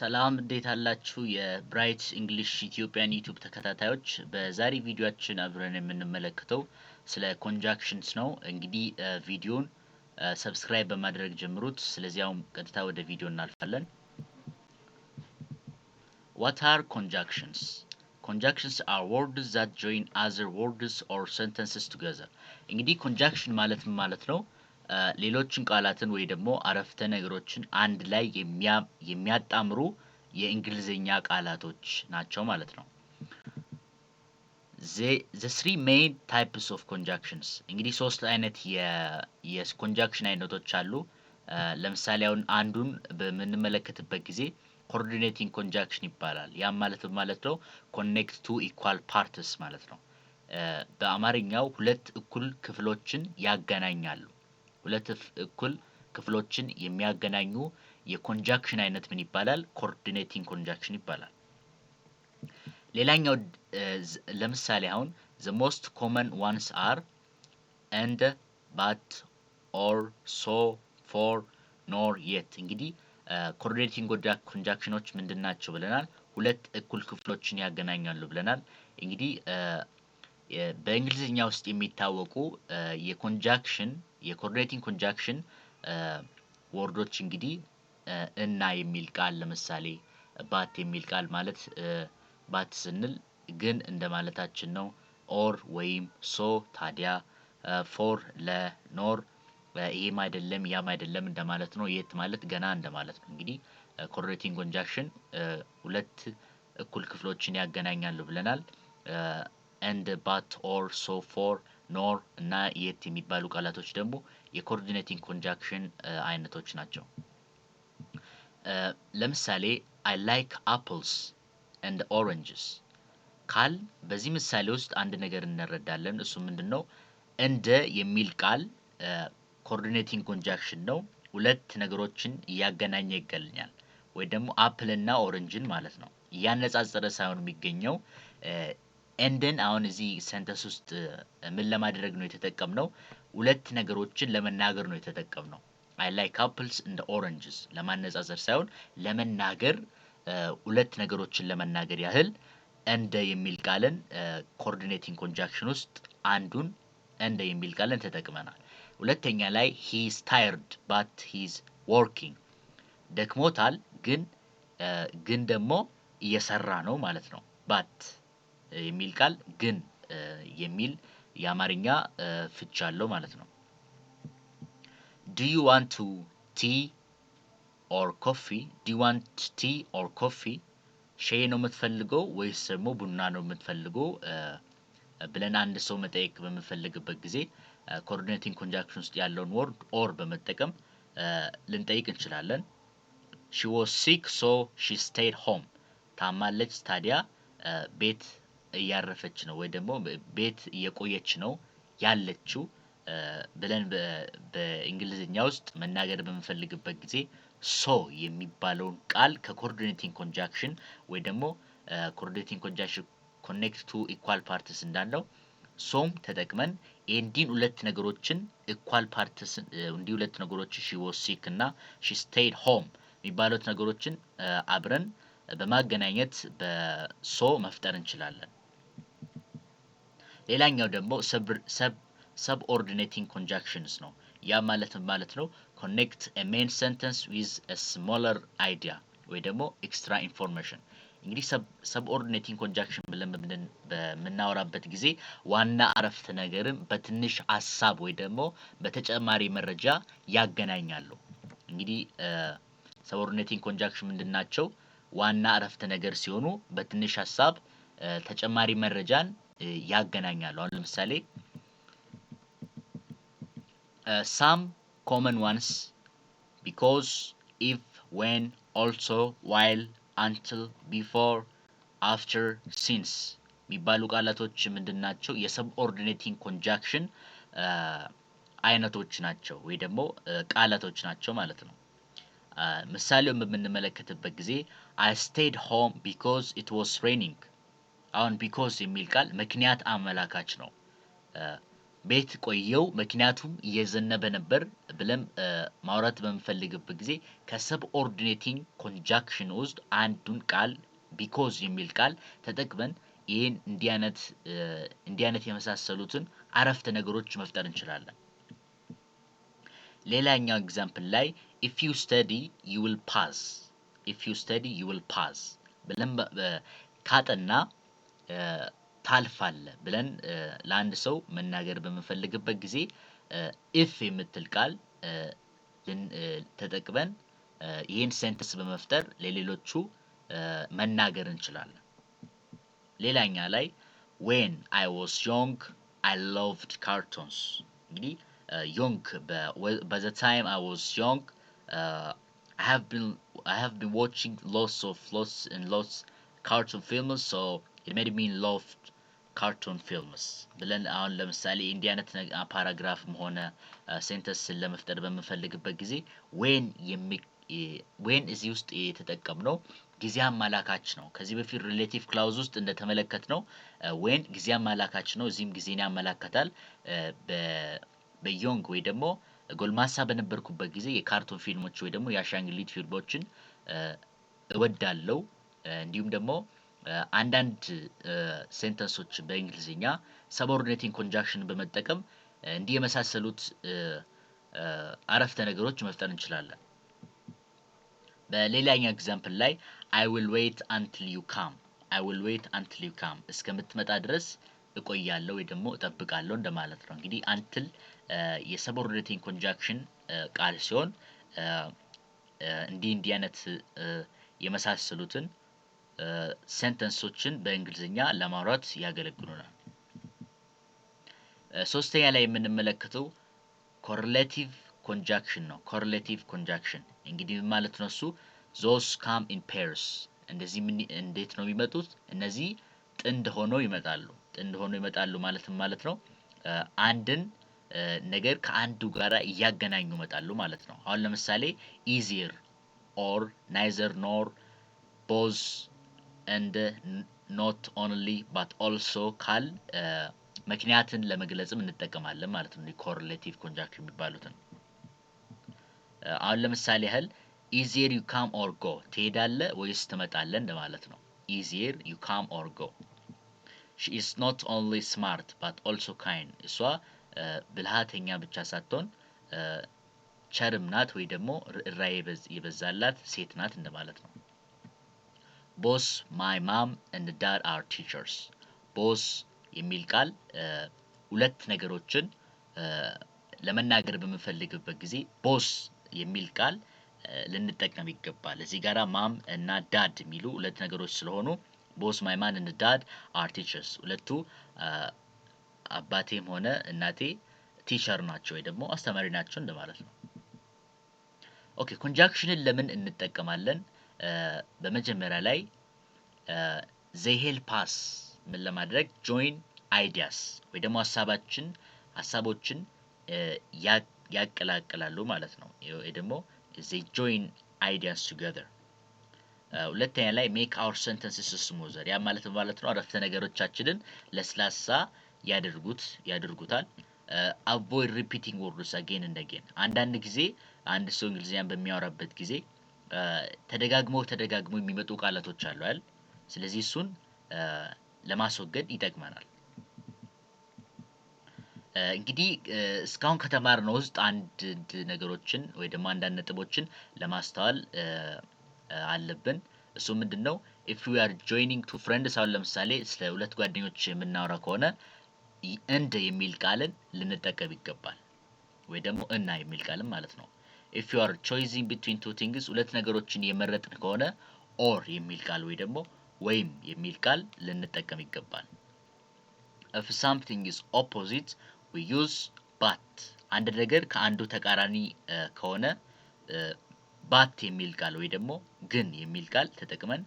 ሰላም እንዴት አላችሁ? የብራይት እንግሊሽ ኢትዮጵያን ዩቲዩብ ተከታታዮች በዛሬ ቪዲዮችን አብረን የምንመለከተው ስለ ኮንጃክሽንስ ነው። እንግዲህ ቪዲዮን ሰብስክራይብ በማድረግ ጀምሩት። ስለዚያውም ቀጥታ ወደ ቪዲዮ እናልፋለን። ዋት አር ኮንጃክሽንስ? ኮንጃክሽንስ አር ወርድስ ዛት ጆይን አዘር ወርድስ ኦር ሰንተንስስ ቱገዘር። እንግዲህ ኮንጃክሽን ማለት ማለት ነው ሌሎችን ቃላትን ወይ ደግሞ አረፍተ ነገሮችን አንድ ላይ የሚያጣምሩ የእንግሊዝኛ ቃላቶች ናቸው ማለት ነው። ዘ ስሪ ሜን ታይፕስ ኦፍ ኮንጃክሽንስ እንግዲህ ሶስት አይነት የኮንጃክሽን አይነቶች አሉ። ለምሳሌ አሁን አንዱን በምንመለከትበት ጊዜ ኮኦርዲኔቲንግ ኮንጃክሽን ይባላል። ያም ማለት ማለት ነው ኮኔክት ቱ ኢኳል ፓርትስ ማለት ነው። በአማርኛው ሁለት እኩል ክፍሎችን ያገናኛሉ ሁለት እኩል ክፍሎችን የሚያገናኙ የኮንጃክሽን አይነት ምን ይባላል? ኮኦርዲኔቲንግ ኮንጃክሽን ይባላል። ሌላኛው ለምሳሌ አሁን ዘ ሞስት ኮመን ዋንስ አር ኤንድ ባት ኦር ሶ ፎር ኖር የት። እንግዲህ ኮኦርዲኔቲንግ ኮንጃክሽኖች ምንድን ናቸው ብለናል? ሁለት እኩል ክፍሎችን ያገናኛሉ ብለናል። እንግዲህ በእንግሊዝኛ ውስጥ የሚታወቁ የኮንጃክሽን የኮርዲኔቲንግ ኮንጃክሽን ወርዶች እንግዲህ እና የሚል ቃል ለምሳሌ ባት የሚል ቃል ማለት ባት ስንል ግን እንደማለታችን ነው። ኦር ወይም ሶ ታዲያ ፎር ለኖር ይሄም አይደለም ያም አይደለም እንደማለት ነው። የት ማለት ገና እንደማለት ነው። እንግዲህ ኮርዲኔቲንግ ኮንጃክሽን ሁለት እኩል ክፍሎችን ያገናኛሉ ብለናል። ኤንድ ባት ኦር ሶ ፎር ኖር እና የት የሚባሉ ቃላቶች ደግሞ የኮኦርዲኔቲንግ ኮንጃክሽን አይነቶች ናቸው። ለምሳሌ አይ ላይክ አፕልስ ኤንድ ኦረንጅስ ካል በዚህ ምሳሌ ውስጥ አንድ ነገር እንረዳለን። እሱ ምንድን ነው? እንደ የሚል ቃል ኮኦርዲኔቲንግ ኮንጃክሽን ነው። ሁለት ነገሮችን እያገናኘ ይገለኛል ወይ ደግሞ አፕልና ኦረንጅን ማለት ነው። እያነጻጸረ ሳይሆን የሚገኘው ኤንደን አሁን እዚህ ሰንተንስ ውስጥ uh, ምን ለማድረግ ነው የተጠቀምነው? ሁለት ነገሮችን ለመናገር ነው የተጠቀምነው። አይ ላይ ካፕልስ እንደ ኦረንጅስ ለማነጻጸር ሳይሆን ለመናገር uh, ሁለት ነገሮችን ለመናገር ያህል እንደ የሚል ቃልን ኮኦርዲኔቲንግ uh, ኮንጃክሽን ውስጥ አንዱን እንደ የሚል ቃልን ተጠቅመናል። ሁለተኛ ላይ ሂዝ ታይርድ ባት ሂዝ ወርኪንግ ደክሞታል፣ ግን ግን ደግሞ እየሰራ ነው ማለት ነው ባት የሚል ቃል ግን የሚል የአማርኛ ፍች አለው ማለት ነው። ዱ ዩ ዋንት ቲ ኦር ኮፊ? ዱ ዩ ዋንት ቲ ኦር ኮፊ? ሻይ ነው የምትፈልገው ወይስ ደግሞ ቡና ነው የምትፈልገው ብለን አንድ ሰው መጠየቅ በምንፈልግበት ጊዜ ኮኦርዲኔቲንግ ኮንጃንክሽን ውስጥ ያለውን ወርድ ኦር በመጠቀም ልንጠይቅ እንችላለን። ሺ ዋስ ሲክ ሶ ሺ ስቴይድ ሆም። ታማለች ታዲያ ቤት እያረፈች ነው ወይ ደግሞ ቤት እየቆየች ነው ያለችው ብለን በእንግሊዝኛ ውስጥ መናገር በምንፈልግበት ጊዜ ሶ የሚባለውን ቃል ከኮኦርዲኔቲንግ ኮንጃክሽን ወይ ደግሞ ኮኦርዲኔቲንግ ኮንጃክሽን ኮኔክት ቱ ኢኳል ፓርትስ እንዳለው ሶም ተጠቅመን ኤንዲን ሁለት ነገሮችን ኢኳል ፓርትስ እንዲህ ሁለት ነገሮች ሺ ወስ ሲክ እና ሺ ስቴይድ ሆም የሚባሉት ነገሮችን አብረን በማገናኘት በሶ መፍጠር እንችላለን። ሌላኛው ደግሞ ሰብኦርዲኔቲንግ ኮንጃክሽንስ ነው። ያ ማለት ማለት ነው ኮኔክት ሜን ሰንተንስ ዊዝ ስሞለር አይዲያ ወይ ደግሞ ኤክስትራ ኢንፎርሜሽን እንግዲህ ሰብኦርዲኔቲንግ ኮንጃክሽን ብለን በምናወራበት ጊዜ ዋና አረፍተ ነገርን በትንሽ ሀሳብ ወይ ደግሞ በተጨማሪ መረጃ ያገናኛሉ። እንግዲህ ሰብኦርዲኔቲንግ ኮንጃክሽን ምንድን ናቸው? ዋና አረፍተ ነገር ሲሆኑ በትንሽ ሀሳብ ተጨማሪ መረጃን ያገናኛሉ። አሁን ለምሳሌ ሳም ኮመን ዋንስ ቢኮዝ ኢፍ ዌን ኦልሶ ዋይል አንትል ቢፎር አፍተር ሲንስ የሚባሉ ቃላቶች ምንድን ናቸው? የሰብኦርዲኔቲንግ ኮንጃክሽን አይነቶች ናቸው ወይ ደግሞ ቃላቶች ናቸው ማለት ነው። ምሳሌውን በምንመለከትበት ጊዜ አይ ስቴድ ሆም ቢኮዝ ኢት ዋስ ሬኒንግ አሁን ቢኮዝ የሚል ቃል ምክንያት አመላካች ነው። ቤት ቆየው ምክንያቱም እየዘነበ ነበር ብለን ማውራት በምፈልግበት ጊዜ ከሰብ ኦርዲኔቲንግ ኮንጃክሽን ውስጥ አንዱን ቃል ቢኮዝ የሚል ቃል ተጠቅመን ይህን እንዲህ አይነት የመሳሰሉትን አረፍተ ነገሮች መፍጠር እንችላለን። ሌላኛው ኤግዛምፕል ላይ ኢፍ ዩ ስተዲ ዩ ዊል ፓስ ኢፍ ዩ ስተዲ ዩ ዊል ፓስ ብለን ካጠና ታልፋለህ ብለን ለአንድ ሰው መናገር በምንፈልግበት ጊዜ ኢፍ የምትል ቃል ተጠቅመን ይህን ሴንተንስ በመፍጠር ለሌሎቹ መናገር እንችላለን። ሌላኛ ላይ ዌን አይ ዋስ ዮንግ አይ ሎቭድ ካርቶንስ እንግዲህ ዮንግ በዘ ታይም አይ ዋስ ዮንግ አይ ሃቭ ቢን አይ ሃቭ ሎትስ ኦፍ ሎትስ ኤንድ ሎትስ ካርቶን ፊልምስ ሶ የሜድሚን ሎፍት ካርቱን ፊልምስ ብለን አሁን ለምሳሌ እንዲህ አይነት ፓራግራፍም ሆነ ሴንተንስን ለመፍጠር በምንፈልግበት ጊዜ ዌን የሚ እዚህ ውስጥ የተጠቀምነው ጊዜ አመላካች ነው። ከዚህ በፊት ሪሌቲቭ ክላውዝ ውስጥ እንደተመለከትነው ዌን ጊዜ አመላካች ነው እዚህም ጊዜን ያመላክታል። በዮንግ ወይ ደግሞ ጎልማሳ በነበርኩበት ጊዜ የካርቱን ፊልሞች ወይ ደግሞ የአሻንጉሊት ፊልሞችን እወዳለሁ። እንዲሁም ደግሞ አንዳንድ ሴንተንሶች በእንግሊዝኛ ሰቦርዲኔቲንግ ኮንጃክሽን በመጠቀም እንዲህ የመሳሰሉት አረፍተ ነገሮች መፍጠር እንችላለን። በሌላኛው ኤግዛምፕል ላይ አይ ዊል ዌይት አንትል ዩ ካም አይ ዊል ዌይት አንትል ዩ ካም እስከምትመጣ ድረስ እቆያለሁ ወይ ደግሞ እጠብቃለሁ እንደማለት ነው። እንግዲህ አንትል የሰቦርዲኔቲንግ ኮንጃክሽን ቃል ሲሆን እንዲህ እንዲህ አይነት የመሳሰሉትን ሴንተንሶችን በእንግሊዝኛ ለማውራት ያገለግሉናል። ሶስተኛ ላይ የምንመለከተው ኮርሌቲቭ ኮንጃክሽን ነው። ኮርሌቲቭ ኮንጃክሽን እንግዲህ ማለት ነው እሱ ዞስ ካም ኢን ፔርስ እንደዚህ እንዴት ነው የሚመጡት? እነዚህ ጥንድ ሆኖ ይመጣሉ። ጥንድ ሆኖ ይመጣሉ ማለትም ማለት ነው አንድን ነገር ከአንዱ ጋራ እያገናኙ ይመጣሉ ማለት ነው። አሁን ለምሳሌ ኢዚር ኦር ናይዘር ኖር ቦዝ እንደ ኖት ኦንሊ ባት ኦልሶ ካል ምክንያትን ለመግለጽም እንጠቀማለን ማለት ነው። ኮሪሌቲቭ ኮንጃንክሽን የሚባሉትን uh, አሁን ለምሳሌ ያህል ኢዚየር ዩ ካም ኦር ጎ ትሄዳለህ ወይስ ትመጣለህ እንደማለት ነው። ኢዚየር ዩ ካም ኦር ጎ ሺ ኢዝ ኖት ኦንሊ ስማርት ባት ኦልሶ ካይንድ እሷ uh, ብልሃተኛ ብቻ ሳትሆን uh, ቸርም ናት ወይ ደግሞ ርኅራኄ የበዛላት ሴት ናት እንደማለት ነው ቦስ ማይ ማም እንድ ዳድ አር ቲቸርስ ቦስ የሚል ቃል ሁለት ነገሮችን ለመናገር በምፈልግበት ጊዜ ቦስ የሚል ቃል ልንጠቀም ይገባል። እዚህ ጋራ ማም እና ዳድ የሚሉ ሁለት ነገሮች ስለሆኑ ቦስ ማይ ማም እንድ ዳድ አር ቲቸርስ ሁለቱ አባቴም ሆነ እናቴ ቲቸር ናቸው ወይ ደግሞ አስተማሪ ናቸው እንደማለት ነው። ኦኬ ኮንጃንክሽንን ለምን እንጠቀማለን? በመጀመሪያ ላይ ዘሄልፕ ፓስ ምን ለማድረግ ጆይን አይዲያስ ወይ ደግሞ ሀሳባችን ሀሳቦችን ያቀላቅላሉ ማለት ነው። ወይ ደግሞ ዘይ ጆይን አይዲያስ ቱገር። ሁለተኛ ላይ ሜክ አወር ሰንተንስስ ስሙዘር ያ ማለት ማለት ነው አረፍተ ነገሮቻችንን ለስላሳ ያደርጉት ያደርጉታል። አቮይድ ሪፒቲንግ ወርድስ አጌን እንደጌን አንዳንድ ጊዜ አንድ ሰው እንግሊዝኛን በሚያወራበት ጊዜ ተደጋግመው ተደጋግመው የሚመጡ ቃላቶች አሉ አይደል? ስለዚህ እሱን ለማስወገድ ይጠቅመናል። እንግዲህ እስካሁን ከተማርነው ውስጥ አንድ ነገሮችን ወይ ደግሞ አንዳንድ ነጥቦችን ለማስተዋል አለብን። እሱ ምንድነው? ኢፍ ዩ አር ጆይኒንግ ቱ ፍሬንድስ አሁን ለምሳሌ ስለ ሁለት ጓደኞች የምናወራ ከሆነ እንድ የሚል ቃልን ልንጠቀም ይገባል። ወይ ደግሞ እና የሚል ቃልን ማለት ነው ኢፍ ዩ አር ቾይዚንግ ቢትዊን ቱ ቲንግስ ሁለት ነገሮችን የመረጥን ከሆነ ኦር የሚል ቃል ወይ ደግሞ ወይም የሚል ቃል ልንጠቀም ይገባል። ኢፍ ሳምቲንግ ኢዝ ኦፖዚት ዊ ዩዝ ባት። አንድ ነገር ከአንዱ ተቃራኒ ከሆነ ባት የሚል ቃል ወይ ደግሞ ግን የሚል ቃል ተጠቅመን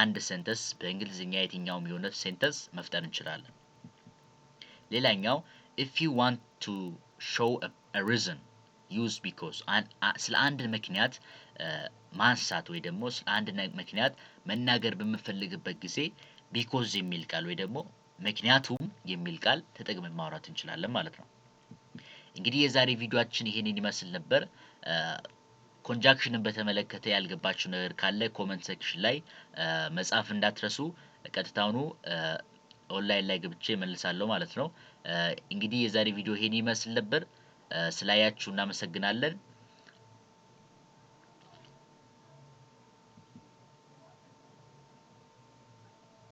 አንድ ሴንተንስ በእንግሊዝኛ የትኛውም የሆነ ሴንተንስ መፍጠር እንችላለን። ሌላኛው ኢፍ ዩ ዋንት ቱ ሾው ሪዝን ዩዝ ቢኮዝ ስለ አንድ ምክንያት ማንሳት ወይ ደግሞ ስለ አንድ ምክንያት መናገር በምንፈልግበት ጊዜ ቢኮዝ የሚል ቃል ወይ ደግሞ ምክንያቱም የሚል ቃል ተጠቅመን ማውራት እንችላለን ማለት ነው። እንግዲህ የዛሬ ቪዲዮችን ይሄንን ይመስል ነበር። ኮንጃክሽንን በተመለከተ ያልገባችሁ ነገር ካለ ኮመንት ሴክሽን ላይ መጻፍ እንዳትረሱ። ቀጥታውኑ ኦንላይን ላይ ገብቼ መልሳለሁ ማለት ነው። እንግዲህ የዛሬ ቪዲዮ ይሄን ይመስል ነበር። ስላያችሁ እናመሰግናለን